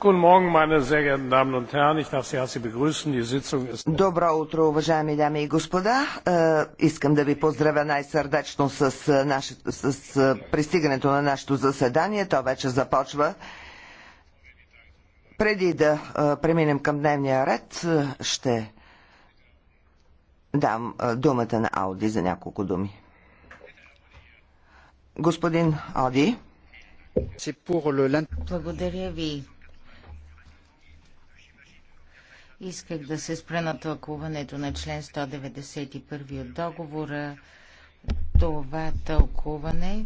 Добро утро, уважаеми дами и господа. Е, искам да ви поздравя най-сърдечно с, е, е, пристигането на нашето заседание. То вече започва. Преди да преминем към дневния ред, ще дам думата на Ауди за няколко думи. Господин Ауди. Благодаря ви. Исках да се спра на тълкуването на член 191 от договора. Това тълкуване